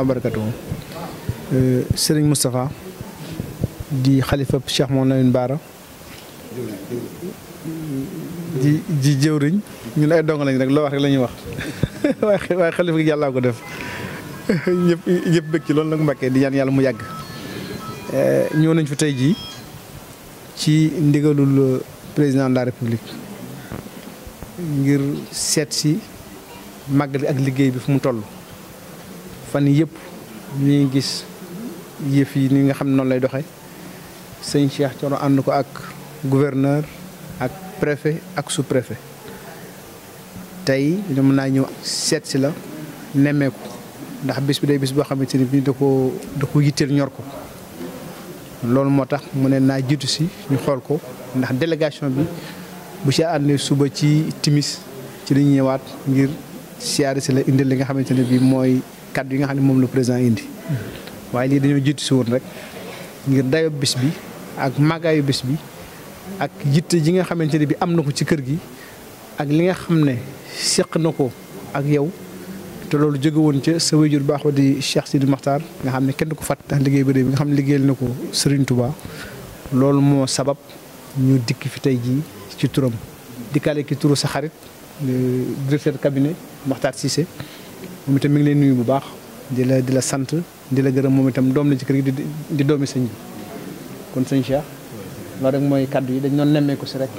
wa barakatuh euh, Serigne di xalifa Cheikh Mouhamadou Lamine Bara di di jëwriñ ñun ay dong lañ rek loo wax rek la wax waaye waaye xalifa gi yàllaa ko def ñëpp ñëpp bëgg ci loolu nag Mbàkke di ñaan yàlla mu yàgg euh, ñëw nañ fi tey jii ci ndigalul euh, président de la république ngir seet si màggal ak liggéey bi fu mu toll fan yëpp ñu gis yëf yi ni nga xam ne noonu lay doxee sëñ Cheikh Thioro ànd ko ak gouverneur ak préfet ak sous préfet tey mën naa ñëw seet si la nemmeeku ndax bis bi day bis boo xamante ne bii da koo da ko yitteel ñor ko loolu moo tax mu ne naa jiitu si ñu xool ko ndax délégation bi bu ci àndee suba ci timis ci li ñëwaat ngir siyaare si la indil li nga xamante ne bii mooy. kaddu yi nga xam ne moom la président indi waaye lii dañoo jiitu si woon rek ngir dayo bis bi ak màggaayu bis bi ak yitte ji nga xamante ne bi am na ko ci kër gi ak li nga xam ne seq na ko ak yow te loolu jóge woon ca sa wéjur baax wa di Cheikh Sidi Maxtaar nga xam ne kenn du ko fàtte ndax liggéey bi bi nga xam ne liggéeyal na ko Serigne Touba loolu moo sabab ñu dikk fi tey jii ci turam dikkaale ki turu sa xarit directeur cabinet Maxtaar Cissé moom itam mi ngi leen nuyu bu baax di la di la sant di la gërëm moom itam doom la ci kër gi di doomi sëñ bi kon sëñ Cheikh loolu rek mooy kaddu yi dañ doon nemmeeku si rek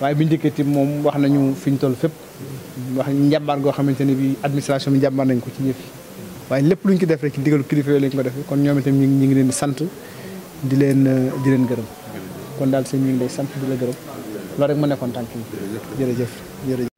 waaye bi njëkkati moom wax nañu fi toll fépp wax njàmbaar goo xamante ne bi administration bi njàmbaar nañ ko ci ñëpp waaye lépp lu ñu ko def rek ci digalu kilifa yooyu lañ ko defee kon ñoom itam ñu ngi leen sant di leen di leen gërëm kon daal sëñ ñu ngi lay sant di la gërëm loolu rek ma nekkoon tànk yi jërëjëf jërëjëf